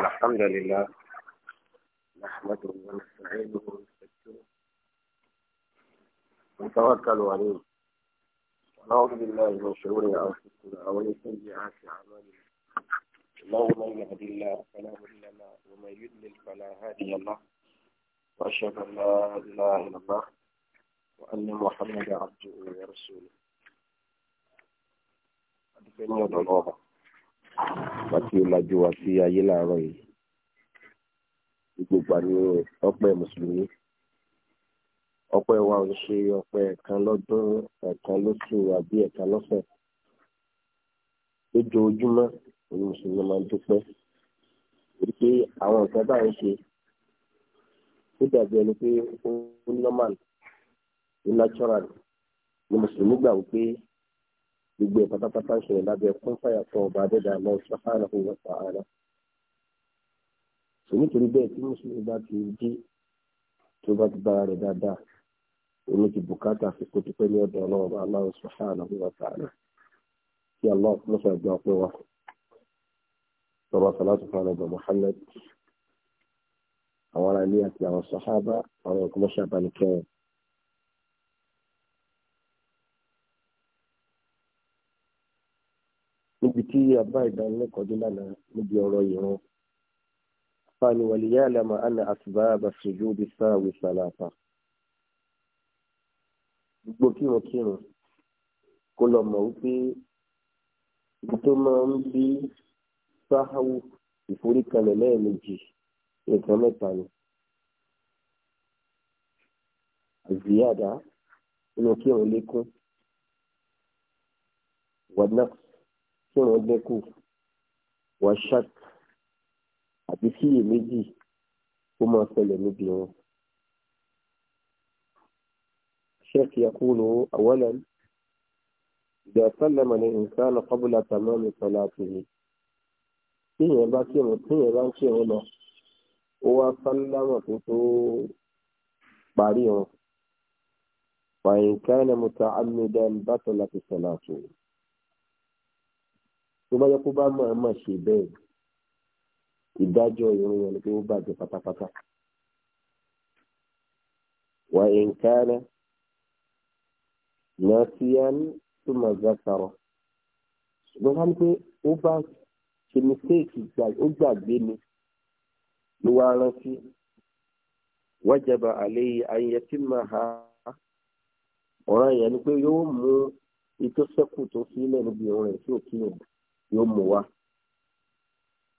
الحمد لله نحمده ونستعينه ونستغفره ونتوكل عليه ونعوذ بالله من شرور انفسنا ومن سيئات اعمالنا الله من يهدي الله فلا مضل له ومن يضلل فلا هادي له واشهد ان لا اله الا الله وان محمدا عبده ورسوله. أدعو الله wá tí ó lajú wá sí ayé láàárọ̀ yìí gbogbo àní ọpẹ́ mùsùlùmí ọpẹ́ wa ń ṣe ọpẹ́ ẹ̀kan lọ́dún ẹ̀kan lóṣù àbí ẹ̀kan lọ́sẹ̀ lójoojúmọ́ òní mùsùlùmí máa ń dúpẹ́ torí pé àwọn nǹkan báyìí ń ṣe ó dàbí ẹni pé ó normal ó natural ni mùsùlùmí gbà wípé gbogbo ẹ̀ pátápátá ṣẹlẹ̀ lábẹ́ kún fàyà fún ọba adẹ́dàá lọ subhanahu wa ta'ala. sọ nítorí bẹ́ẹ̀ tí mùsùlùmí bá ti jí tó bá ti bára rẹ̀ dáadáa òun ti bùkátà fi kó tó pẹ́ ní ọ̀dọ̀ ọlọ́ọ̀bá Allah subhanahu wa ta'ala. kí Allah kúlọ̀ fẹ́ gbọ́ pé wa. bàbá salatu fún ọba Muhammad àwọn ará ilé àti àwọn sàhábà àwọn ìkọlọ́ṣà bá ní kẹrin. tí a bá ìdánilẹ́kọ̀ọ́ dé lánàá níbi ọ̀rọ̀ ìrun fani waliyalama ana asbaba sujudi sáàwì sàlàfà gbogbo kírunkírun kó lọ mọ̀ wípé ibi tó máa ń bí sáháwù ìforíkalẹ̀ lẹ́ẹ̀mejì nǹkan mẹ́ta ni àzíyàdá inú kírun lékún wàdnàkù kí wọ́n dẹ́kù wàṣàk àbí kí iyèméjì kó máa ṣẹlẹ̀ níbi wọn. الشيخ يقول أولا إذا سلم الإنسان قبل تمام صلاته tíyẹn bá kírun tíyẹn bá ń kírun lọ ó wá sálámà tó tó parí wọn. فإن كان متعمدا بطلت صلاته tó bá yẹ kó bá máa máa ṣe bẹ́ẹ̀ ìdájọ́ irun yẹn ni pé ó bàjẹ́ pátápátá. wà á nkánná náà tí a ń túmọ̀ zákàrọ̀ ṣùgbọ́n ká ní pé ó bá ṣe mistake ó gbàgbé ni ló wá rántí wájàbà àlẹ́ ayẹyẹ tí màá ha ọ̀ràn yẹn ni pé yóò mú ìtọ́sẹ́kù tó sílẹ̀ níbi ìrìn tí ò kí yẹn yóò mú wa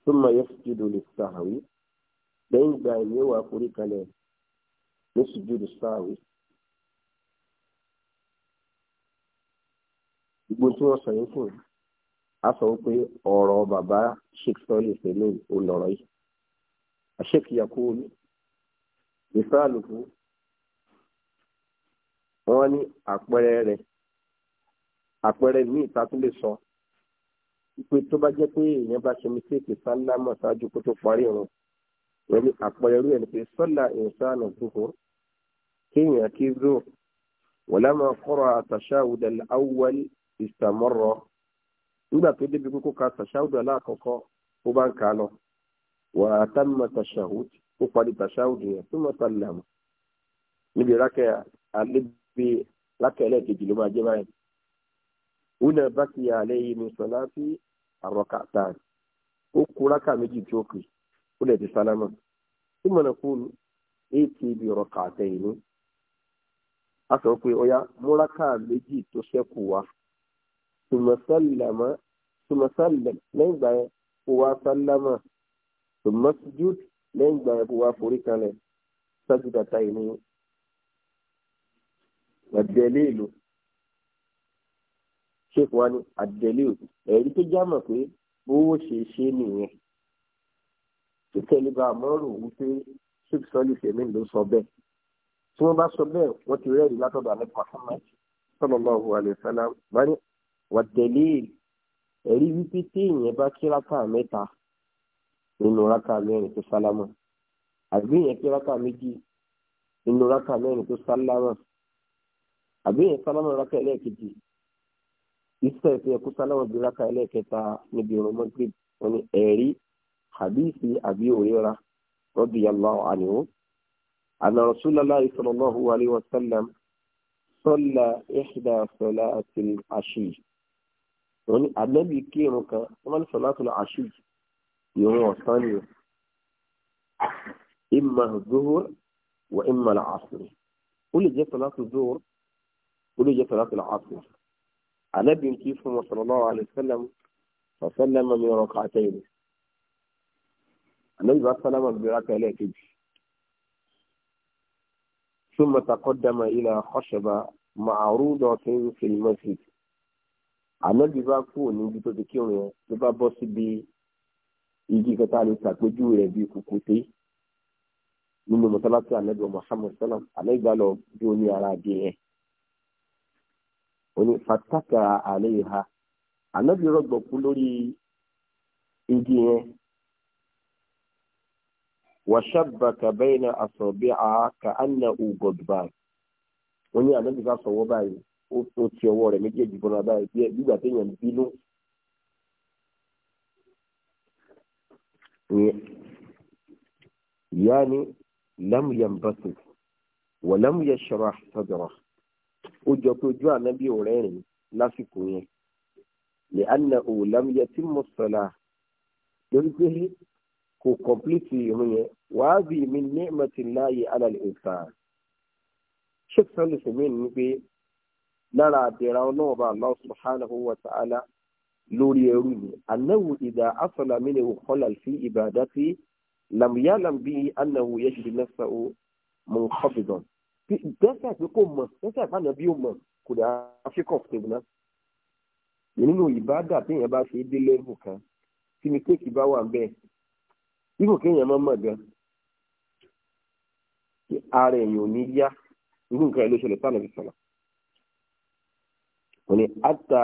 súnmọ́ yasjudu lis-sahwi lẹ́yìn ìgbà ìní wà forí kalẹ̀ ní sùjúdù sahwi. gbogbo tí wọ́n sọ yín fún a sọ pé ọ̀rọ̀ bàbá sheikh sọ́ọ́lì fẹ́lẹ́ ò lọ́rọ̀ yìí sheikh yakub ìfáàlùkù wọ́n ní àpẹẹrẹ rẹ̀ àpẹẹrẹ míì ta tún lè sọ. So pé tó bá jẹ́ pé èèyàn bá ṣe mistake sálámà ṣáájú kó tó parí irun wọ́n ní àpẹẹrẹ rẹ̀ ni pé sọ́là ìsánà zuhur kéèyàn kí zó wọ́lámà kọ́ra àtàṣàwùdà awwal ìsàmọ́rọ̀ nígbà tó débi kókó ka àtàṣàwùdà aláàkọ́kọ́ ó bá ń kà á lọ wà á tàṣàwùd ó parí tàṣàwùd yẹn tó mọ̀ sálámà níbi rákẹ́ àlébi rákẹ́ ẹlẹ́ẹ̀kejì ló máa jẹ́ báyìí una bakiya alayhi min salati arrakatan ó kù rákà méjì tí ó kì ó lè ti sálámà thumma naqulu ati bi rak'atayn a sọ pé ó yá mú rákà méjì tó ṣẹ́kù wá thumma sallama thumma sallam lẹ́yìn ìgbà yẹn kó wá sálámà thumma sujud ìgbà yẹn kó wá forí kalẹ̀ sajdatayni wa dalilu ṣèkù wa ní àdìdẹ́lẹ́ o ẹ̀rí tó já mọ̀ pé owó ṣe ṣe nìyẹn títẹ̀lébà mọ́rò wípé sheikh sọ́lì fèmí ló sọ bẹ́ẹ̀ tí wọ́n bá sọ bẹ́ẹ̀ wọ́n ti rẹ́ẹ̀rí látọ̀dọ̀ àlẹ́ Muhammad sallallahu alaihi wasallam wọ́n ní wàdẹ̀lẹ́ ẹ̀rí wípé téèyàn bá kí rákà mẹ́ta nínú rákà mẹ́rin tó sálámà àbí èèyàn kí rákà méjì nínú rákà mẹ́rin tó sálámà àbí èèyàn sálámà rákà ẹlẹ́ẹ̀kejì iṣẹ́ ìfẹ́ ẹ̀kú sáláwọ̀ bí ráka ẹlẹ́ẹ̀kẹta níbi ìrun Maghrib wọn ni ẹ̀rí hadithi àbí òrera radiyallahu anhu anna Rasulullahi sallallahu alayhi wa sallam salla ihda salatil ashi wọn ni ànábì kírun kan wọn ni salatul ashi ìrun ọ̀sán ni imma zuhur wa imma al ó lè jẹ́ salatul zuhur ó lè jẹ́ salatul asr ànábì ń kí fún wọn sallallahu alaihi wasallam wasallam mi rak'atayn ànábì bá sálámà bí rákà ẹlẹ́ẹ̀kejì ثم تقدم إلى خشبة معروضة في المسجد ànábì bá kúrò níbi tó ti kírun yẹn ló bá bọ́ síbi igi kẹta lè ṣàpèjú rẹ̀ bíi kùkùté nínú mọ́tálásí ànábì Muhammad sallam ànábì bá lọ bí ó ní ara adìẹ yẹn oní fataka àléhà ànábì rọgbọ kú lórí igi yẹn wàṣàbà kàbẹ́yìn àsọ̀bí àáka àná ugọ̀dùbà oní ànábì bá sọ̀wọ́ báyìí ó ti ọwọ́ rẹ̀ méjèèjì bọ́ra báyìí bí ìgbà téèyàn bínú. يعني لم ينبسط ولم يشرح صدره ó jọ pé ojú ànábì ò rẹ́rìn lásìkò yẹn lè àná òwòlámiyẹ tí mo sọ̀la lórí pé kò kọ̀m̀plìtì irun yẹn wàá bì mí ní ìmọ̀tìláyè alàlẹ́ ìfà sheikh sọ́lù sèmíìn ni pé lára àdìrà ọlọ́run bá Allah subhanahu wa ta'ala lórí ẹrú ni anáwó ìdá asọ̀la mi ni wò kọ́lá sí ìbàdàtì làmúyálàmbí anáwó yẹ́sùn náà sọ mọ̀ nkọ́bìdàn dẹ́sẹ̀ pé kò mọ̀ dẹ́sẹ̀ pé ànábì ò mọ̀ kò dá ṣíkọ̀ tèmi náà nínú ìbádà téèyàn bá ṣe dé lẹ́vù kan tí mistake bá wà bẹ́ẹ̀ ibò kéèyàn mọ́ mọ̀ gan ara èèyàn ò ní yá irú nǹkan ló ṣẹlẹ̀ sánà fi sọ̀rọ̀ wọn ni ata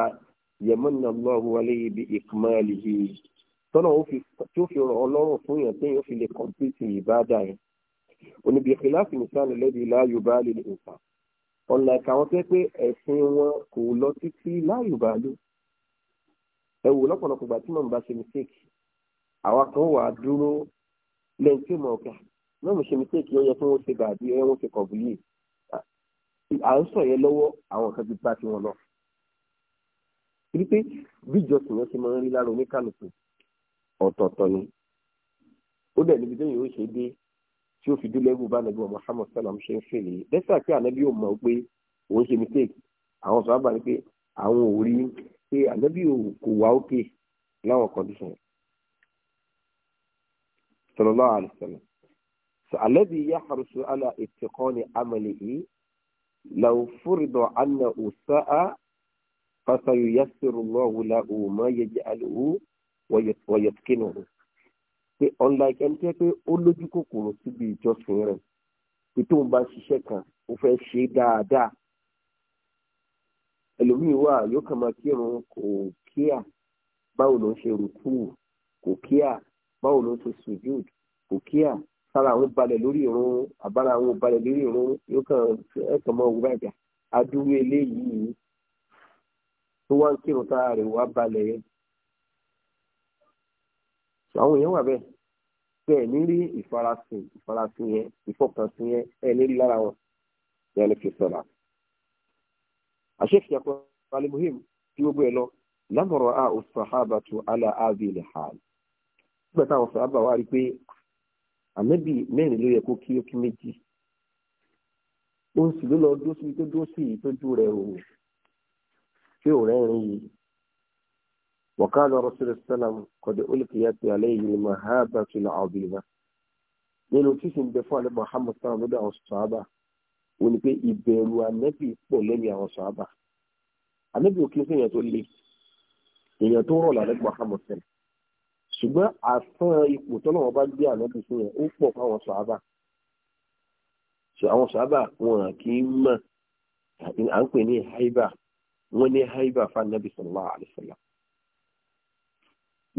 yẹmọ́nà lọ́hùn wọlé ibi ìkùmọ́lì yìí tọ́nà tí ó fi rọ̀ ọlọ́rùn fún yàn téèyàn fi lè complete ìbádà yẹn oníbi ìkìláàsì nìsan lẹ́bi láàyùbá lè lè nǹkan ọ̀nà ìkàwọn tẹ́ pé ẹ̀sìn wọn kò lọ títí láàyùbá ló ẹ wò lọ́pọ̀lọpọ̀ ìgbà tí màmú bá ṣe mistake àwa kan wà á dúró lẹ́yìn tí mo kà náà mo ṣe mistake yẹn yẹ kí ṣe bàbí ẹ wọ́n ṣe kọ̀bùlì à ń sọ yẹn lọ́wọ́ àwọn kan ti bá ti wọn lọ. torí pé bíjọsìn yẹn ṣe máa ń rí lára oníkàlùkù ọ̀tọ̀ọ̀tọ̀ ni ó dẹ̀ níbi tí ó fi dúlẹ́gùn bá nàbí wọn Muhammad sallam ṣe ń fèrè lẹ́sà pé ànábì ò mọ̀ pé òun ṣe mistake àwọn sọ̀rọ̀ bá ní pé àwọn ò rí pé ànábì kò wá òkè láwọn condition sallallahu alaihi wasallam alladhi yahrusu ala ittiqani amalihi law furida anna usa'a fasayyassiru Allahu lahu ma yaj'aluhu wa yatqinuhu pé unlike ẹni tẹ́ pé ó lójú kòkòrò síbi ìjọsìn rẹ̀ pé tóun bá ṣiṣẹ́ kan ó fẹ́ ṣe dáadáa ẹlòmíì wà yóò kàn máa kírun kò kíà báwo ló ń ṣe rùkú kò kíà báwo ló ń ṣe sujud kò kíà sára àwọn balẹ̀ lórí irun àbára àwọn balẹ̀ lórí irun yóò kàn ẹ̀kàn mọ́ òwúrọ̀ àjà adúrú eléyìí tó wá ń kírun tára rẹ̀ wá balẹ̀ yẹn so àwọn èèyàn wà bẹ́ẹ̀ pé ẹ̀ ní rí ìfarasìn ìfarasìn yẹn ìfọkànsìn yẹn ẹ̀ ní rí lára wọn ní ẹni fi sọ̀rọ̀ àṣẹ́fì àpò alimuhim tí gbogbo ẹ̀ lọ lámọ̀rọ̀ a ò sàhábà tó alá àbí ilẹ̀ hàn nígbà táwọn sàhábà wá rí pé ànábì mẹ́rin ló yẹ kó kí ó kí méjì ó ló lọ dó tó ìtọ́jú rẹ̀ òun ṣé yìí وقال رسول السلام قد ألقيت عليه المهابة العظيمة nínú títí ń bẹ fún alẹ́ Muhammad sáwọn lọ́dọ̀ àwọn sọ̀hábà wọn ni pé ìbẹ̀rù anẹ́bì pọ̀ lẹ́yìn àwọn sọ̀hábà anẹ́bì òkè sí èèyàn ṣùgbọ́n àfọn ipò tọ́lọ́ wọn bá gbé yẹn ó pọ̀ haiba wọn haiba fún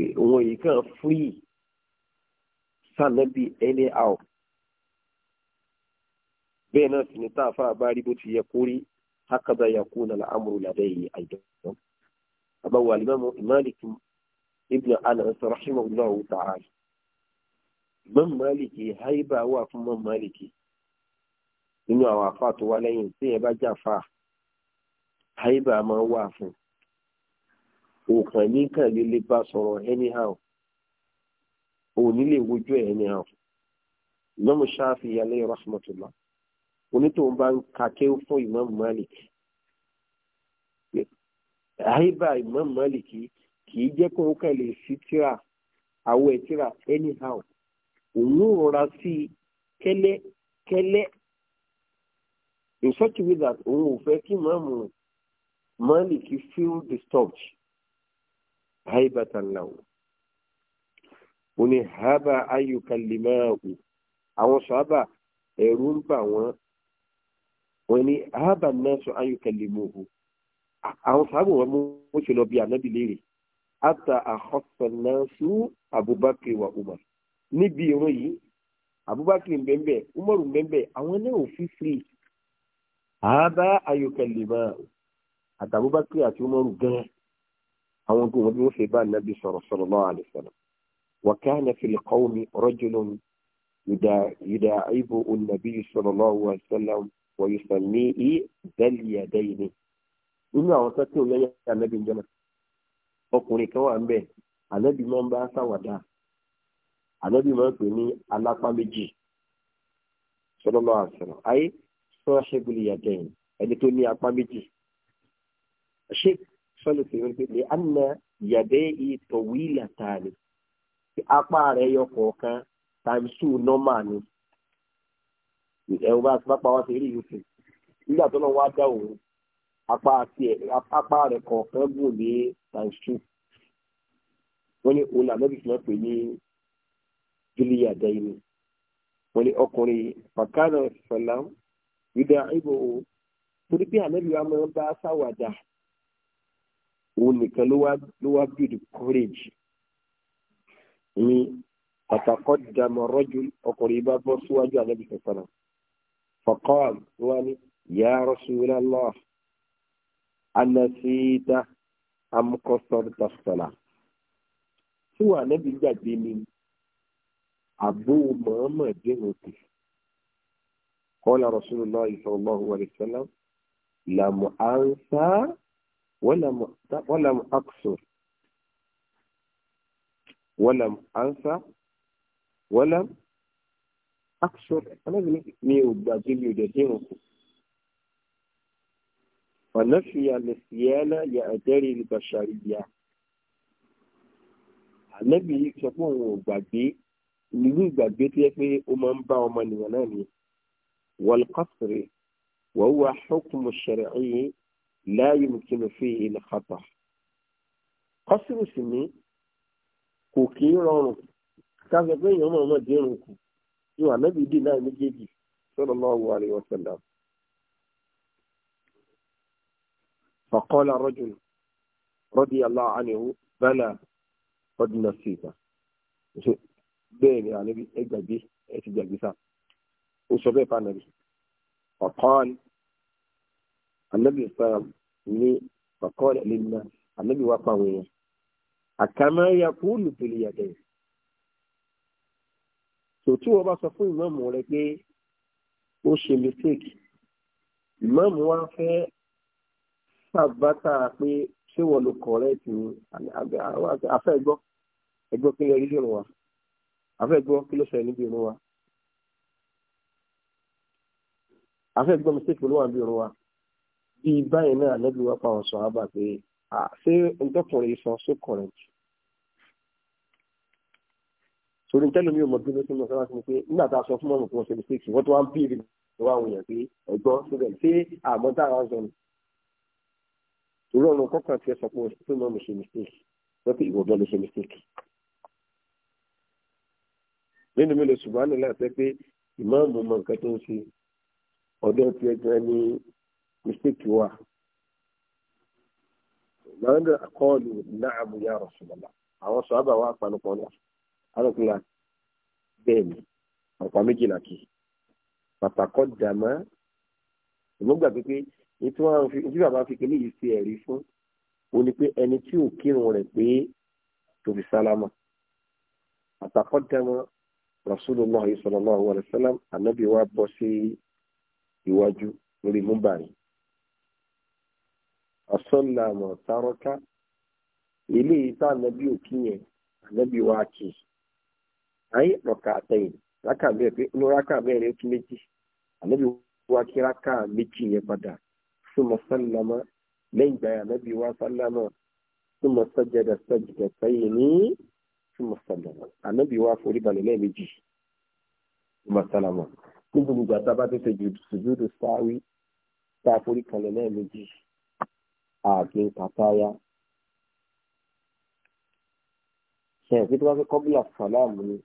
pé òun yìí kàn fúrì sànẹ́bí ẹni àwọ̀ bẹ́ẹ̀ náà sì ni tá a fà bá rí bó ti yẹ kó rí hakada yakuna al-amru ladayhi aidan abawo alimami maliki ibn anas rahimahullahu ta'ala imam maliki haiba wà fún imam maliki nínú àwọn afa tó wá lẹ́yìn tí yẹn bá jà fa haiba máa wà fún un òkàn ní kàlẹ́ lè bá sọ̀rọ̀ anyhow òní lè wojú ẹ̀ anyhow ìmọ̀mù ṣáfi alẹ́ rahmatullah onítòun bá ń kakẹ́ fún ìmọ̀mù malik àyíbá ìmọ̀mù malik kìí jẹ́ kó ń kàlẹ́ sí tíra àwọ̀ ẹ̀ tíra anyhow òun ò rọra sí kẹ́lẹ́ kẹ́lẹ́ in such a way that òun ò fẹ́ kí ìmọ̀mù malik feel disturbed haibatan lahu ó ní haba ayukalimahu àwọn sábà ẹ̀rù ń bà wọ́n wọ́n ní haba nasu ayukalimuhu àwọn sábà wọn mú ṣe lọ bí ànábì léèrè ata àkọsọ nasu abubakar wa umar níbi ìrun yìí abubakar mbẹ́mbẹ́ umar mbẹ́mbẹ́ àwọn náà ò fi free haba ayukalimahu àtàbúbakar àti umar gan-an àwọn gbogbo bí wọ́n ṣe bá nàbí sọ̀rọ̀ sọ̀rọ̀ lọ́wọ́ àlùfẹ́lẹ̀ wàkàna fil qawmi rajulun yudaibu nàbí sọ̀rọ̀ lọ́wọ́ àlùfẹ́lẹ̀ wọ̀nyùsànmí i dẹ́lìyàdẹ́yìní nínú àwọn tó tí ò lẹ́yìn ànábì ń jọ́nà ọkùnrin kan wà ń bẹ̀ ànábì máa ń bá ṣàwàdà ànábì máa ń pè ní alápá méjì sọlọ́lọ́ àṣàrò ayé sọ́ọ́ṣẹ́gbìlì yàtẹ̀yìn ẹni tó ní apá méjì sheik sọ́lù tí wọ́n pè é anna yàdé ìtọ̀wílà ta ni apá rẹ̀ yọ kọ̀ọ̀kan times two nọ́mà ni ẹ̀rù bá ti pápá wá sí eré yìí fún nígbà tó náà wá dá òun apá tiẹ̀ apá rẹ̀ kọ̀ọ̀kan gùn ní times two wọ́n ní òun làmẹ́bí fi máa pè ní júlíà dẹ́yìnì wọ́n ní ọkùnrin fàkánà ìfẹ̀lá yìí dá ibò o torí pé àmẹ́bí wa máa ń bá sáwàdà òun nìkan ló wá ló wá build courage ní àtàkọ́ dàmọ́ rọ́jò ọkùnrin bá bọ́ síwájú ànábì sọ̀sọ̀rọ̀ fọ̀kọ́ọ̀l wá ní ya Rasulullah anasita amukọ́sọ̀rọ̀ tàṣọ̀là tí wà ànábì gbàgbé mi àbó mọ̀ọ́mọ̀ dé òkè kọ́lá Rasulullah sallallahu alaihi wasallam làmù ànsá wọ́làm aksur wọ́làm ansa wọ́làm aksur anábìrin mi ò gbàgbé mi ò dẹ̀ dín òkú. ونفي الصيانة يأتري البشرية ànábì yìí sọ pé òun ò gbàgbé nínú ìgbàgbé tó yẹ pé ó máa ń bá ọmọnìyàn náà ni wal qasri wa huwa hukmu shar'i láàyè mùkínú fi ilẹ̀ kápá kọ́sìrù sì ní kò kí ń rọrùn káfíń pé èèyàn mọ̀ọ́mọ̀ dérun kù ju ànábì dì náà méjèèjì sallallahu alaihi wasallam. فقال رجل رضي الله عنه بلى قد نسيت بين يعني اجابي اتجابي سام وشبه النبي فقال النبي صلى الله عليه وسلم ní ọ̀kọ́ọ̀lẹ̀ lẹ́nu ànábì wá pa àwọn èèyàn àkàmọ́ ya kúlù pèlè yàtẹ̀ tó tí wọ́n bá sọ fún ìmáàmù rẹ pé ó ṣe mistake ìmáàmù wa fẹ́ sàbátà pé ṣé wọ́n lo correct ni afẹ́ gbọ́ ẹgbọ́ kí lè rí lóun wa afẹ́ gbọ́ kí ló ṣẹlẹ̀ níbi irun wa afẹ́ gbọ́ mistake olúwa níbi irun wa bí báyìí náà lẹ́bi wá pa àwọn sọ̀hábà pé ṣé ntọ́kùnrin sọ sókùnrin jù torí tẹ́lẹ̀ mi ò mọ bí ló ṣe lọ sọ́wọ́n sí ni pé nígbà tá a sọ fún ọ̀nà tí wọ́n ṣe mistake wọ́n tó wá ń bèèrè lọ́wọ́ àwọn èèyàn pé ẹ̀gbọ́n síbẹ̀ ṣé àmọ́ tá a sọ ni torí ọ̀nà kọ́kàn ti sọ pé pé mo ṣe mistake wọ́n pé ìwọ̀dọ́ ló ṣe mistake. nínú mi lè ṣùgbọ́n àná láti pé ìmọ̀ọ́mù mọ nǹkan tó ń ṣe ọ̀dọ́ ti ẹgbẹ́ ni mistake wà mọ̀lẹ́dẹ̀ àkọọ́lù na'am ya Rasulullah àwọn sọ́ábà wà panupọ̀ náà alùpùpù bẹ́ẹ̀ ni ọ̀pá méjìlá kì í pàtàkọ́ dàmá ìmúgbà pípé ètò àwọn ojú bàbá fi kéde yìí ṣe ẹ̀rí fún o ní pé ẹni tí ò kírun rẹ̀ pé tòbí sálámà pàtàkọ́ dàmá Rasulullah sallallahu alaihi wasallam ànábì wa bọ́ sí iwájú lórí múbàrí asọ́nà àmọ̀ tárọ́ká ilé ìta ànábì òkì yẹn ànábì wa kì í ayé rọ̀kà àtẹ̀yìn rákà bẹ́ẹ̀ pé inú rákà bẹ́ẹ̀ rẹ̀ kí méjì ànábì wa kí rákà méjì yẹn padà súnmọ́ sálámà lẹ́yìn ìgbà yẹn ànábì wa sálámà súnmọ́ sọ́jẹ́dà sọ́jẹ́dà sẹ́yìn ní súnmọ́ sálámà ànábì wa forí balẹ̀ lẹ́ẹ̀mejì súnmọ́ sálámà ní gbogbo àtàbà tó ṣe jùdù ààkín kàtáyà ṣẹ̀yìn tí wọ́n fi kọ́bílà sàlámù ni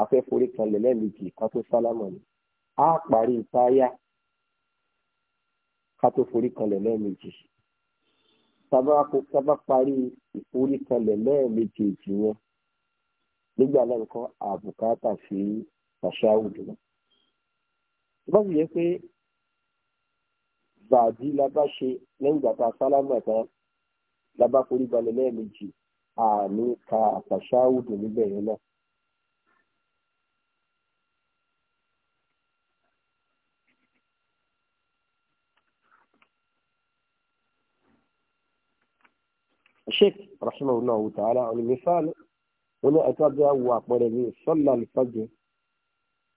afẹ́ forí kanlẹ̀ lẹ́ẹ̀mejì ká tó sálámù ni á parí táyà ká tó forí kanlẹ̀ lẹ́ẹ̀mejì sábà parí ìforí kanlẹ̀ lẹ́ẹ̀mejì yẹn nígbà náà nǹkan àbùkátà sí pàṣáwùdù náà. tó yẹ pé bàbí la bá ṣe lẹ́yìn ìgbà tá a sálámà tán la bá forí balẹ̀ lẹ́ẹ̀mejì àní ka àtàṣáwùdù níbẹ̀ yẹn náà. الشيخ رحمه الله تعالى عن المثال هنا أتبع وأقبل به صلى الفجر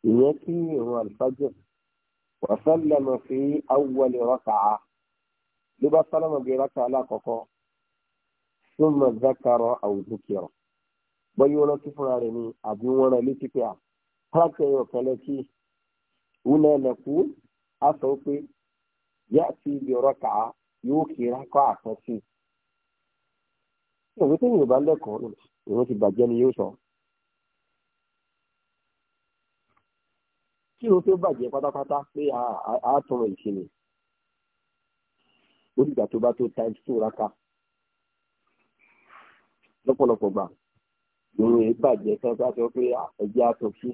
يأتي هو الفجر وسلم في أول ركعة لبا سلم بركعة لا كوكو ثم ذكر أو ذكر بيونا كفر علمي أبيونا لتكيا حتى يوكالكي هنا نقول أصوبي يأتي بركعة يوكي ركعة تسي ìwé tí yóò bá lẹ́kọ̀ọ́ ìwé ti bàjẹ́ ni yóò sọ kí irun tó bàjẹ́ pátápátá pé a tọrọ ìsinmi lórí ìgbà tó bá tó times two raka lọ́pọ̀lọpọ̀ gbà irun yìí bàjẹ́ kan bá sọ pé ẹ̀jẹ̀ aṣọ sí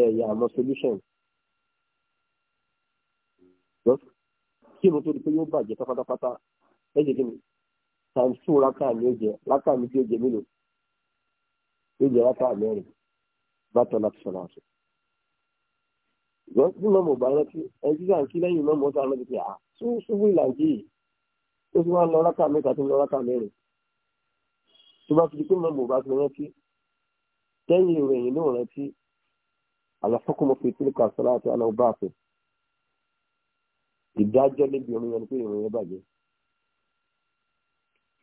ẹ̀yà àmọ́ solution kí irun tó di pé yóò bàjẹ́ pátápátá ẹ̀jẹ̀ kí ni times two raka ni ó jẹ raka mi tí ó jẹ mélòó ó jẹ raka mẹ́rin bá tọ́lá ti sọ̀rọ̀ àṣọ ṣùgbọ́n tí mọ́mọ́ bá rántí ẹni tí sàn kí lẹ́yìn mọ́mọ́ tó rántí pé à tún ṣubú ìlàjì yìí ó sì wá lọ rákà mẹ́ta tó lọ rákà mẹ́rin tó bá fi di pé mọ́mọ́ bá fi rántí tẹ́yìn ìròyìn náà rántí àlàfọ́kù mo fi tílùkà sọ́lá àti àná bá fẹ́ ìdájọ́ níbi orin yẹn ni pé ìròyìn yẹn bàjẹ́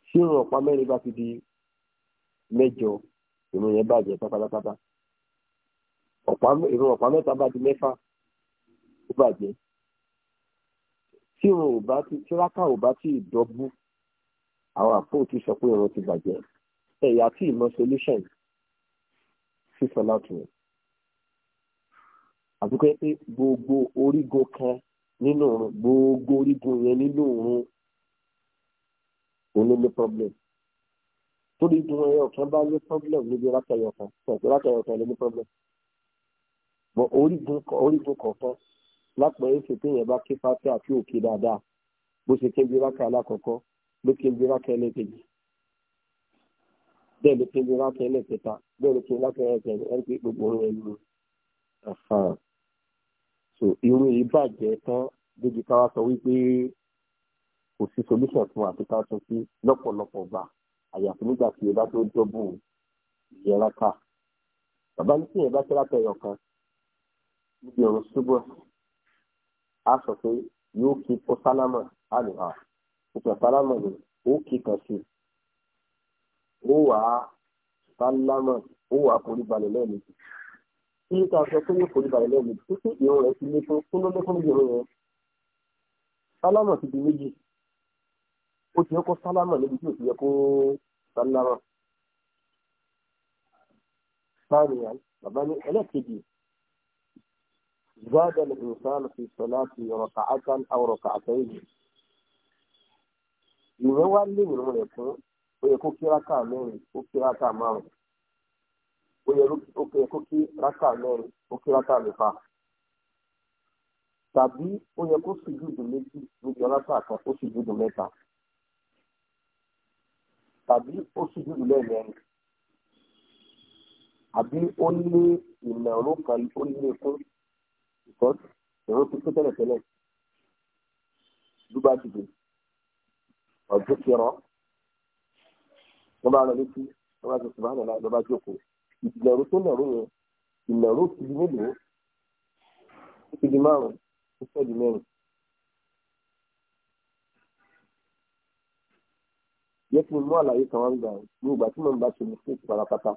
ṣé ìrùn ọ̀pá mẹ́rin bá fi di mẹ́jọ ìròyìn yẹn bàjẹ́ pátápátá ìrùn ọ̀pá mẹ́ta bá di mẹ́fà ó bàjẹ́ tí wọn ò bá ti tíráká ò bá ti dọ́bú àwọn àpò ti sọ pé ọ̀rọ̀ ti bàjẹ́ ẹ̀yà tí ìmọ̀ solution sísọ láti rẹ̀ àti pé pé gbogbo orígun kan nínú òrun gbogbo orígun yẹn nínú òrun òun ní problem torí gun ẹyọ kan bá ní problem níbi rákẹyọ kan sọ pé rákẹyọ kan ló ní problem but orígun kọ̀ọ̀kan lápẹ̀rẹ́ ṣe téèyàn bá ké fátíà àti òkè dáadáa bó ṣe ké ń bi rákà alákọ̀ọ́kọ́ ló ké ń bi rákà ẹlẹ́kejì bẹ́ẹ̀ ló ké ń bi rákà ẹlẹ́kẹta bẹ́ẹ̀ ló ké ń rákà ẹlẹ́kẹrin ẹni pé gbogbo ohun ẹni àfàn so irú yìí bàjẹ́ tán débi ká wá sọ wípé kò sí solution fún àti ká sọ sí lọ́pọ̀lọpọ̀ gbà àyàfi nígbà tí ìyẹn bá tó dọ́bù ìyẹn rákà bàbá ní tí ìyẹn tẹ́lá a sọ pé yóò kí kó sálámà á ìtàn sálámà ni ó kí kan sí ó wà á sálámà ó wà á forí balẹ̀ lẹ́ẹ̀mejì kí níta sọ pé yóò forí balẹ̀ lẹ́ẹ̀mejì tó sì ìrun rẹ̀ ti lékún kó ló lékún níbi ìrun rẹ̀ sálámà ti di méjì ó ti yẹ kó sálámà níbi tí ò ti yẹ kó sálámà. sáà nìyà bàbá ní ẹlẹ́kejì زاد الإنسان في الصلاة ركعة أو ركعتين ìyẹn wá lé ìrún rẹ̀ fún ó yẹ kó kí rákà mẹ́rin ó kí rákà márùn ó yẹ kó kí rákà mẹ́rin ó kí rákà mẹ́fà tàbí ó yẹ kó sùjúdù méjì níbi rákà kan ó sùjúdù mẹ́ta tàbí ó sùjúdù lẹ́ẹ̀mẹ́rin àbí ó lé ìnàró kan ó lé kún because ìran tuntun tẹ́lẹ̀ tẹ́lẹ̀ ló bá dìde ọ̀dún ti rọ wọ́n bá rọ létí wọ́n bá ti sùn bá nàlá lọ́ bá jókòó ìdìlẹ̀rú tó nàró yẹn ìnàró ti di mélòó ó ti di márùn ó fẹ́ di mẹ́rin. yẹ kí n mú àlàyé kan wá ń gbà ní ìgbà tí mo ń bá ṣe mistake pátápátá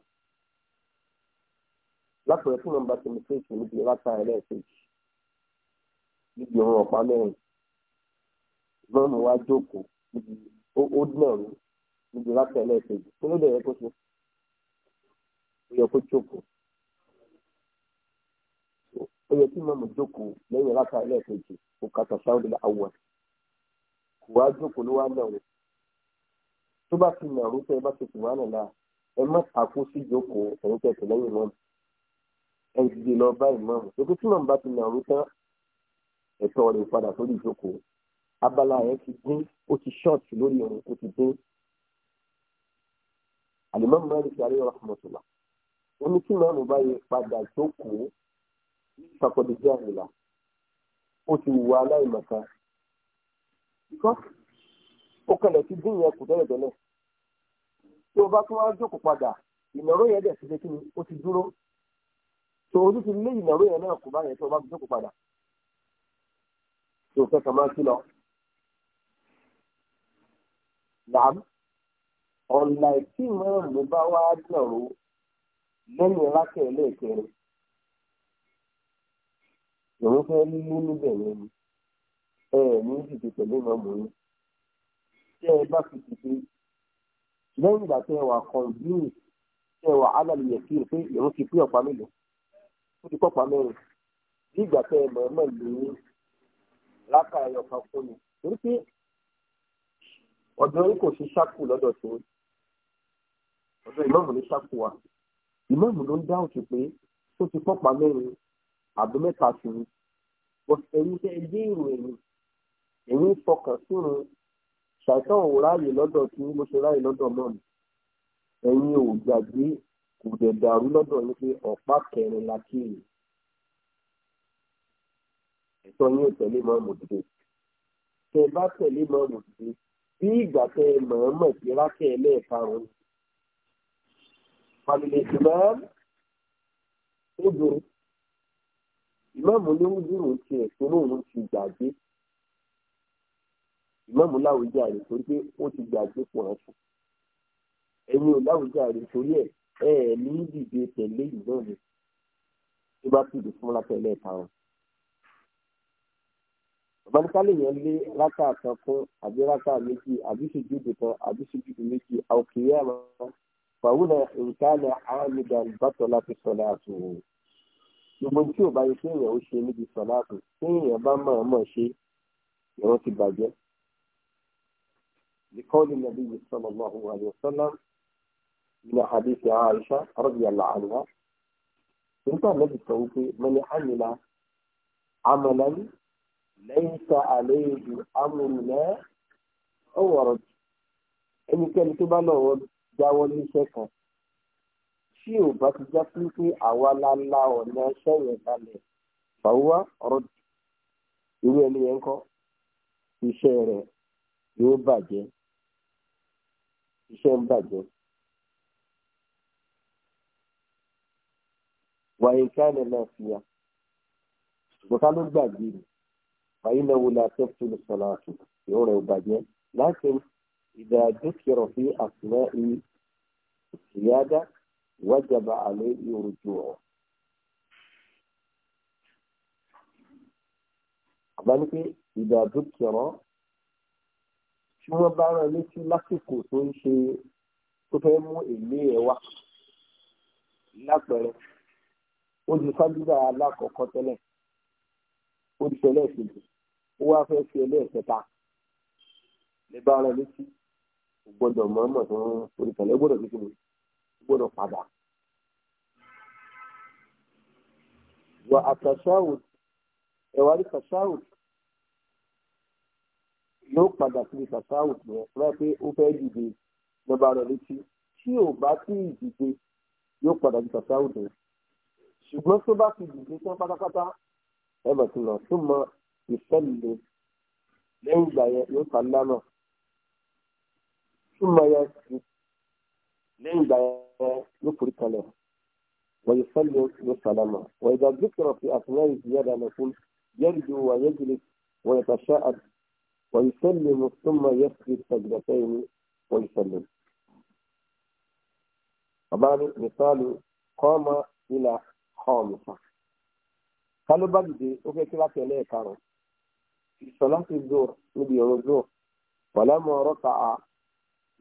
látọ̀rẹ́ tí mo ń bá ṣe mistake níbi látà ẹlẹ́ẹ̀kejì níbi òun ọ̀pá mẹ́rin ìmọ̀ọ́mù wa jókòó níbi ó dínàrú níbi látẹ̀lẹ́ ìkejì kí ló dẹ̀ yẹ kó ṣe ó yẹ kó jókòó ó yẹ kí ìmọ̀ọ́mù jókòó lẹ́yìn látẹ̀lẹ́ ìkejì kò kàtà sáwọn ìlà àwọ̀ kò wá jókòó ló wá nàrú tó bá ti nàrú tẹ́ ẹ bá ti tìwá nàlá ẹ má takú sí jókòó ẹ̀yìn tẹ̀tẹ̀ lẹ́yìn mọ́ọ̀mù ẹ dìde lọ bá ìmọ̀ọ́mù èkó tí màmú bá ti nàrú tán ẹ̀tọ́ rẹ̀ padà sórí ìjókòó abala yẹn ti dín ó ti ṣọ́ọ̀tì lórí òun ó ti dín. alimami malik alayhi rahmatulah ó ní kí màmú báyìí padà jókòó sàkọdé jẹ́ àmìlà ó ti wù aláìmọ̀ká. ó kẹlẹ̀ ti dín yẹn kù tẹ́lẹ̀tẹ́lẹ̀ tí o bá tún wá jókòó padà ìnáwó yẹn dẹ̀ ti dé kí ni ó ti dúró. tòun ti lé ìnáwó yẹn náà kù báyẹn tí o bá jókòó padà tó kẹ́kọ̀ọ́ máa kí lọ. Nàám ọ̀la ìtì mìíràn ló bá wá dọ̀rọ̀ lẹ́yìn rákẹ̀ lẹ́ẹ̀kẹrin. Ìrún fẹ́ lílú níbẹ̀ yẹn ni ẹ ní ìdìbò pẹ̀lú ìmọ̀mù yín. Tẹ́ ẹ bá fi dìde lẹ́yìn ìgbà tẹ́ ẹ wà kọ̀ǹdínì tẹ́ ẹ wà álàlùyẹ̀ kí n pé ìrún ti pín ọ̀pá mélòó. Ó ti pọ̀ pa mẹ́rin. Bí ìgbà tẹ́ ẹ mọ̀ ẹ́ mọ̀ lóyún láka ẹyọ kan fún mi torí pé ọ̀dọ̀ kò sí ṣáàpù lọ́dọ̀ tó ọ̀dọ̀ ìmáàmù ní ṣáàpù wa ìmáàmù ló ń dá òtún pé tó ti pọ́pà mẹ́rin àbí mẹ́ta sí i but ẹ̀yin tẹ́ ẹ dé ìròyìn ẹ̀yin fọkàn sírun ṣàìsàn ò ráàyè lọ́dọ̀ tí mo ṣe ráàyè lọ́dọ̀ náà ni ẹ̀yin ò gbàgbé kò dẹ̀ dàrú lọ́dọ̀ yín pé ọ̀pá kẹrin la kí èyí ìtọ́ yín ò tẹ̀lé mọ́ mòdìdè tẹ bá tẹ̀lé mọ́ mòdìdè bí ìgbà tẹ mọ̀ọ́mọ̀ sí rákẹ́ ẹlẹ́ẹ̀karùn-ún fàmìlì ìmọ̀ọ́m odò ìmọ̀ọ́mù ní wúdúrù tiẹ̀ tó lóun ti gbàgbé ìmọ̀ọ́mù láwùjáre torí pé ó ti gbàgbé pọ̀ ẹ̀ fún ẹ̀yin ò láwùjáre torí ẹ̀ ẹ̀ ní dìde tẹ̀lé ìmọ̀ọ́mù tó bá tìdí fún rákẹ́ ẹlẹ́ẹ̀karùn-ún ṣùgbọ́n kálí yẹn lé rákà kan fún àbí rákà méjì àbí ṣùjúdù kan àbí ṣùjúdù méjì àwòkìyà máa fàwùnà nǹkan àmìdá ìbátọ̀ láti sọ̀lá àtò wò. gbogbo tí ò bá yẹ kéèyàn ó ṣe níbi sọ̀lá àtò kéèyàn bá mọ̀ mọ̀ ṣe ìran ti bàjẹ́. لقول النبي صلى الله عليه وسلم من حديث عائشة رضي الله عنها انت الذي تقول من عمل عملا ليس عليه أمرنا أو ورد ẹnikẹ́ni tó bá lọ́wọ́ jáwọ́ níṣẹ́ kan tí ò bá ti já sí pé àwa la la ọ̀nà iṣẹ́ yẹn kalẹ̀ fàwọ́ ọ̀rọ̀ irú ẹni yẹn kọ́ iṣẹ́ rẹ̀ yóò bàjẹ́ iṣẹ́ ń bàjẹ́. wàyíká ni náà fi ya ṣùgbọ́n gbàgbé rẹ̀. فإنه لا تبطل الصلاة يقول وبعدين لكن إذا ذكر في أثناء السيادة وجب عليه رجوعه ذلك إذا ذكر شو بقى التي لásìkò tó ń ṣe tó fẹ́ mú èlé ẹ̀ wá lápẹẹrẹ ó ti sájúdà ó wá fẹ́ fi ẹlẹ́ẹ̀kẹta lè bá ara létí kò gbọ́dọ̀ mọ̀ọ́mọ̀ tó ń forí kalẹ̀ ó gbọ́dọ̀ fi kíni ó gbọ́dọ̀ padà. wà á tàṣáwùd ẹ̀wà rí tàṣáwùd yóò padà sí tàṣáwùd yẹn rẹ́ pé ó fẹ́ dìde lè bá ara létí tí ò bá tí ì dìde yóò padà sí tàṣáwùd yẹn ṣùgbọ́n tó bá ti dìde tán pátápátá ẹ bẹ̀ lọ tó mọ ìsọ̀lù lẹ́yìn ìgbà yẹn yóò sálámà súnmọ́ yẹn sí lẹ́yìn ìgbà yẹn yóò forí kalẹ̀ wọ́n ìsọ̀lù yóò sálámà wọ́n ìgbà dúkìrọ̀ fi àtúnyẹ̀ ìdíyàdà lọ́kùn yẹ́rìndì wà yẹ́gìlì wọ́n ìtàṣà àti wọ́n ìsọ̀lù súnmọ́ yẹn sí sàgbẹ̀tẹ̀yìn wọ́n ìsọ̀lù. Bàbá mi mìsàlù kọ́mọ ilà kọ́ọ̀mù fa. Kálọ́ bá dìde ó fẹ́ kí wá tẹ̀lé ẹ̀ karùn-ún. في صلاة الظهر نبي الظهر فلما ركع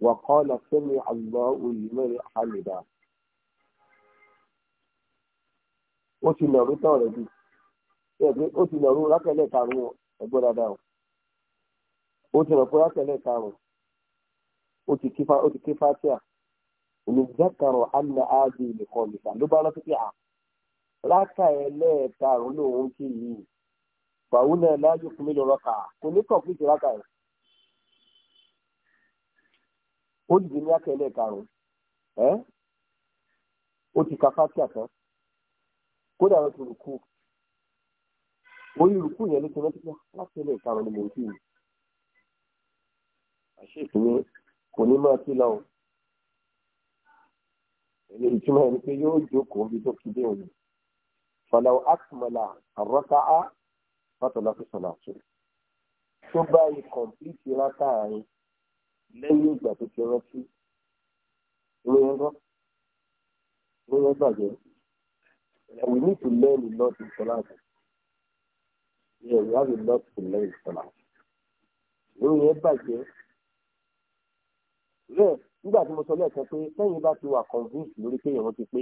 وقال سمع الله لمن حمده ó ti nàró tán rẹ̀ bí ẹgbẹ́ ó ti nàró rákẹ́lẹ̀ karùn-ún ẹgbẹ́ dáadáa ó ti nàró rákẹ́lẹ̀ karùn-ún ó ti ké fatia olùdákàrọ̀ anna adi nìkan nìkan ló bá rántí pé à rákà ẹlẹ́ẹ̀karùn lòun kì yìí fàwọn náà láàyò fún mi lọ́rọ̀ kà kò ní kọ̀ǹpìtì rákà yẹn. ó dìde ní akẹ́lẹ́ karùn-ún ẹ́ ó ti ka fásitì àtọ́ kódà wọn ti rùkú orí rùkú yẹn ló ti rántí pé láti ẹlẹ́ karùn-ún ni mò ń kí yìí. àṣé ìpínlẹ̀ kò ní máa látọ̀lá fi sọ̀rọ̀ tó bá yí kọ̀ǹpìlìtì lẹ́yìn ìgbà tó ti rántí lóyún rán lóyún gbàgbé we need to learn a lot in Salah. Yeah, we have a lot to learn in Salah. lóyún yẹn bàjẹ́ bẹ́ẹ̀ nígbà tí mo sọ lẹ́ẹ̀kan pé lẹ́yìn bá ti wà convince lórí pé ìrántí pé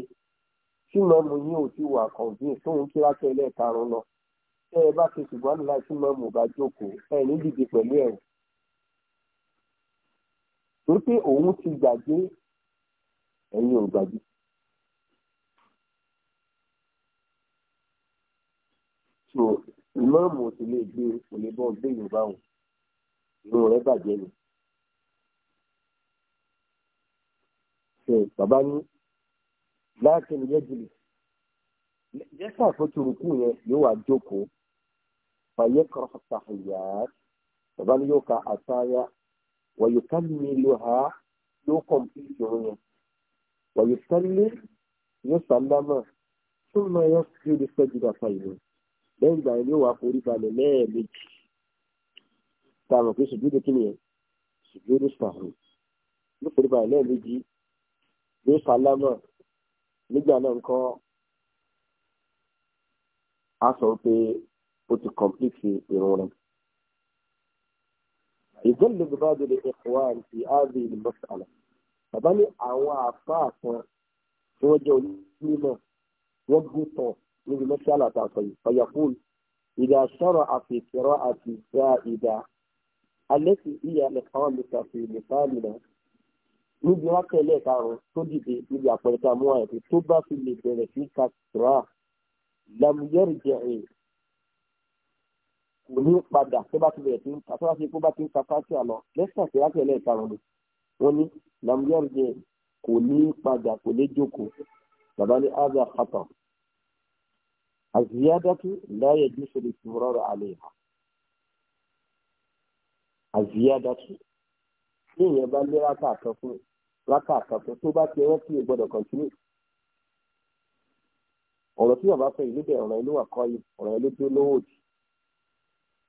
tí mọ́mú yín ò ti wà convince tóun kíra tẹ́lẹ̀ karùn-ún lọ tẹ́ ẹ bá ṣe ṣùgbọ́n láì tí mọ́mù bá jókòó ẹ ní dìde pẹ̀lú ẹ̀ torí pé òun ti gbàgbé ẹ̀yin ò gbàgbé. so ìmọ̀ọ́mù ò sì lè gbé kò lè bọ́ gbé yorùbá òun ìrun rẹ̀ bàjẹ́ ni. bàbá ní láti jẹ́ sàfojúrukú yẹn yóò wá jókòó. فيقرأ التحيات بل يوقع التايا ويكملها يقوم في شعوره ويسلم يسلم ثم يسجد سجدتين lẹ́yìn ìgbà yẹn ni ó wàá forí balẹ̀ lẹ́ẹ̀mejì tá a mọ̀ pé sùjúdù kí nìyẹn sùjúdù sàrò ló forí balẹ̀ lẹ́ẹ̀mejì ló sálámà nígbà náà ń kọ́ a sọ pé ó ti kọ̀m̀plìtì irun rẹ̀. ìgbọ́n lè gbọ́dọ̀ lè ẹ̀kọ́ àti áàbì ìlúmọ̀sálà bàbá ní àwọn àfáà kan tí wọ́n jẹ́ onímọ̀ wọ́n gún tán níbi mọ́sálà tá a sọ yìí ọ̀yàkùn ìdá sọ̀rọ̀ àfẹ̀kẹ̀rọ̀ àti ìdá ìdá alẹ́ sì ìyá ẹ̀kọ́ mi kàfé nìfàlì náà níbi wá tẹ̀lé karùn-ún tó dìde níbi àpẹẹrẹ tá a mú àyẹ̀fẹ́ tó bá fi lè bẹ̀rẹ̀ sí kàkúrà làmúyẹ́rì jẹ̀rìn kò ní padà tó bá ti bẹ̀rẹ̀ tí ń ta tó bá ti kó bá ti ń ta fásíà lọ lẹ́sìn àti láti ẹlẹ́ẹ̀karùn ni wọ́n ní lamuyari jẹ kò ní padà kò ní jókòó bàbá ní aza kata àzíyádàtú láyé jùsọ̀ lè fi rọrọ̀ àlẹ́ ha àzíyádàtú ní ìyẹn bá lé rákàtà fún rákàtà fún tó bá ti rántí ìgbọ́dọ̀ kọ̀ntínú ọ̀rọ̀ tí bàbá sọ ìlú bẹ̀ ọ̀rọ̀ ìlú wà kọ́ yìí ọ̀rọ̀ ìlú tó lówó jù.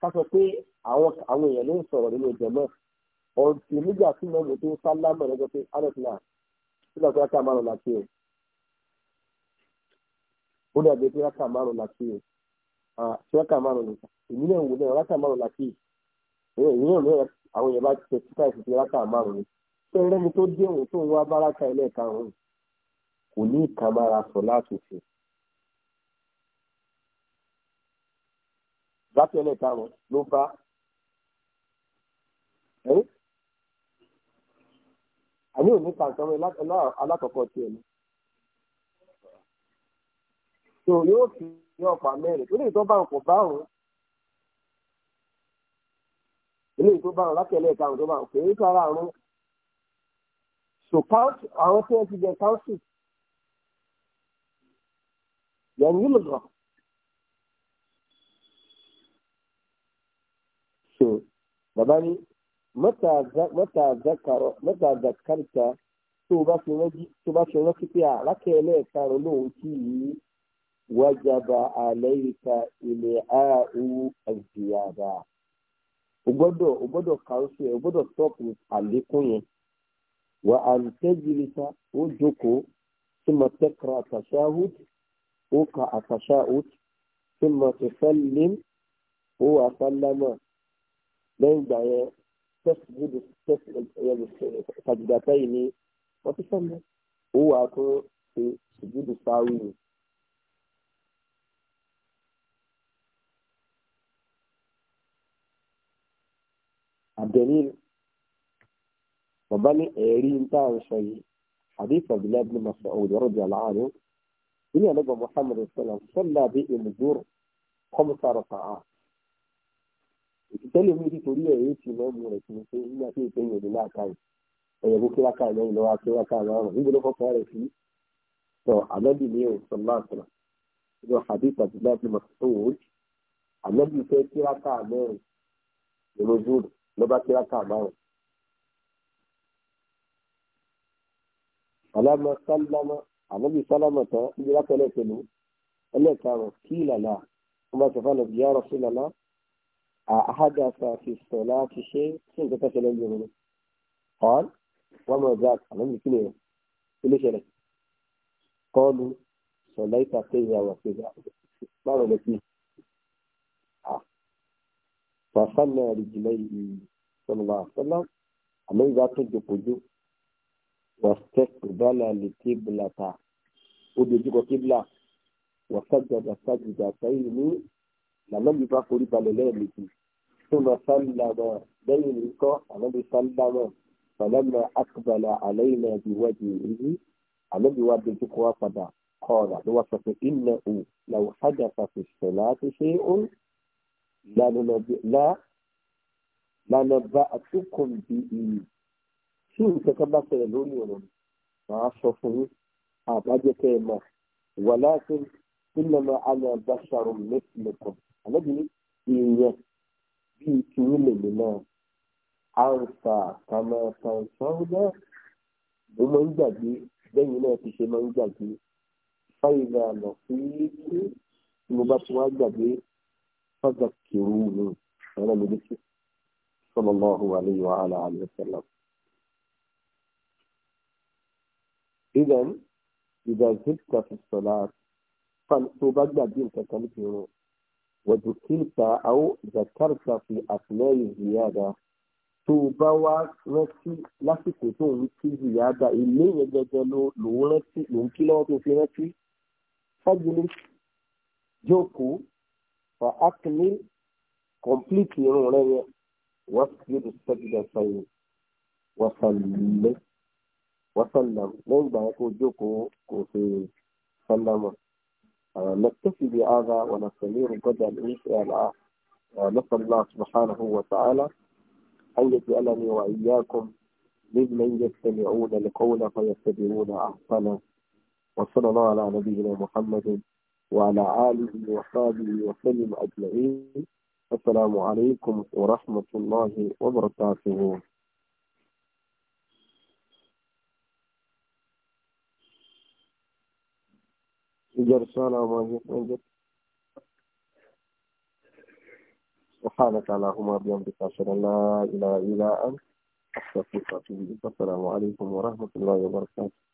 ká sọ pé àwọn àwọn èèyàn ló ń sọ̀rọ̀ nínú ìjọ náà ọ̀sẹ̀ nígbà tí mọ̀mọ́ tó sálámọ̀ lọ́jọ́ pé alẹ́sìnà tí lọ́jọ́ rákà márùn láti ẹ̀ ó dàbí pé rákà márùn láti ẹ̀ tí rákà márùn ní èmi náà wò náà rákà márùn láti ẹ̀ èmi náà lọ́yẹ̀ àwọn èèyàn bá ti tẹ̀ síta ìfìfì rákà márùn ní ṣé ẹrẹ́ni tó dé òun tó ń wá bá rákà ẹlẹ́ẹ̀karùn-ún kò ní ìkàmára sọ láti fẹ́ láti ẹlẹ́ ún ló bá àní òní alákọ̀ọ́kọ́ tiẹ̀ ni tó yóò fi ní ọ̀pá mẹ́rin tó lè tó bá òkò bárùn-ún eléyìí tó bárùn tó ní sára àrùn so count àwọn tí wọ́n ti bàbá ní mẹ́ta zakarita tó o bá fi rántí pé àlákẹ́ ẹlẹ́ẹ̀karùn-ún lòun kì í wájàba àlẹ́yìíká ilẹ̀ ààrù àzìyàdà o gbọ́dọ̀ o gbọ́dọ̀ kàwé o gbọ́dọ̀ tọ́pù àlékún yẹn wà á ń tẹ́jìlísà ó jókòó tí mo tẹ́kọ̀ọ́ àtàṣáhùd ó ka àtàṣáhùd tí mo ti lé ó wà sálámà lẹ́yìn ìgbà yẹn tẹ́sí gbọ́dọ̀ tẹ́sí ṣàjùdà tẹ́yìn ní ọtí sọ́mọ ó wà tó ṣe ṣùgbọ́dọ̀ sáré ni. àbẹ̀lí bàbá ní ẹ̀rí ń tá à ń sọ yìí àdéhùn àbílẹ̀ bí mo sọ òwúrọ̀ ọ̀dọ̀ àlàáfíà nínú ẹ̀lẹ́gbọ̀n Muhammad sallam sọ́lá bí èmùdúró kọ́mùsàrọ̀ kàá ìtítẹ́lẹ̀ mi ti torí ẹ̀ èyí ti mọ́ọ̀mù rẹ̀ sí ni pé nígbà tí ìpẹ́yìn òde láàka yìí ẹ̀yẹ̀ kó kíláka lẹ́yìn lọ́wọ́ kíláka lọ́rùn níbo ló fọ́kàn rẹ̀ sí. tọ́ ànábì ní o sọ̀rọ̀ àtọ̀rọ̀ ìjọ hadith àti láti mọ̀ tó wò ó jì ànábì fẹ́ kíláka mẹ́rin ìrojú lọ́ba kíláka márùn. àlámọ sálámọ ànábì sálámọ tán ìjọba tẹ́lẹ̀ pẹ̀lú ẹlẹ́ẹ̀karùn-ún kí ìlànà wọ́n bá sọ fún àlọ́ àhádàfà fi sọ̀ láti ṣe tí nǹkan kan ṣẹlẹ̀ yìí rẹ̀ ọ̀n wọ́n mọ̀ ọ̀gá àwọn ìlú rẹ̀ iléṣẹ̀lẹ̀ kọ́ọ̀lù sọ̀lá ìtàkùn ìyàwó àti ìyàwó báwo lè fi fàfàmì àrìjìlẹ̀ yìí sọ̀lá àfọlá àmọ́ ìgbà tó jòkójú واستقبل لقبلة ودجو قبلة وسجد سجدتين لما يبقى قريبا لله ثم سلم بين لقاء النبي سلم فلما أقبل علينا بوجهه النبي وجهك وفدا قال وصف إنه لو حدث في الصلاة شيء لا لا لنبأتكم به شو تكبس لوني ولوني ما أشوفه أبجك ما ولكن إنما أنا بشر مثلكم الذي إيه bíi tìrú lèmi náà àǹfà kàmá kàǹfàǹdà ló máa ń gbàgbé bẹ́yìn náà ti ṣe máa ń gbàgbé fáyidà lọ sí kí mo bá ti wá gbàgbé fàgbà kìrú mi ẹ̀rọ mi létí sallallahu alayhi wa ala alihi wa sallam. إذا إذا زدت في الصلاة فالتوبة قاعدين تتكلم في وذكرت أو ذكرت في أثناء الزيادة tó o bá wá rántí lásìkò tó ń kí ìyáàdá ilé yẹn gẹ́gẹ́ ló ló ń rántí ló ń kí lọ́wọ́ tó fi rántí fájúlé jókòó fa akíní kọ̀m̀plìtì irun rẹ yẹn wá sí ibi sẹ́gídà sáyẹn wàsàlẹ̀ wàsàlẹ̀ lẹ́yìn ìgbà yẹn kó jókòó kó o ṣe sálámà. نكتفي بهذا ونستمر غدا إن شاء الله نسأل الله سبحانه وتعالى أن يجعلني وإياكم ممن يستمعون القول فيتبعون أحسنه وصلى الله على نبينا محمد وعلى آله وصحبه وسلم أجمعين السلام عليكم ورحمة الله وبركاته جرسان أو ما جرسان سبحانك اللهم وبحمدك أشهد أن لا إله إلا أنت أستغفرك وأتوب إليك السلام عليكم ورحمة الله وبركاته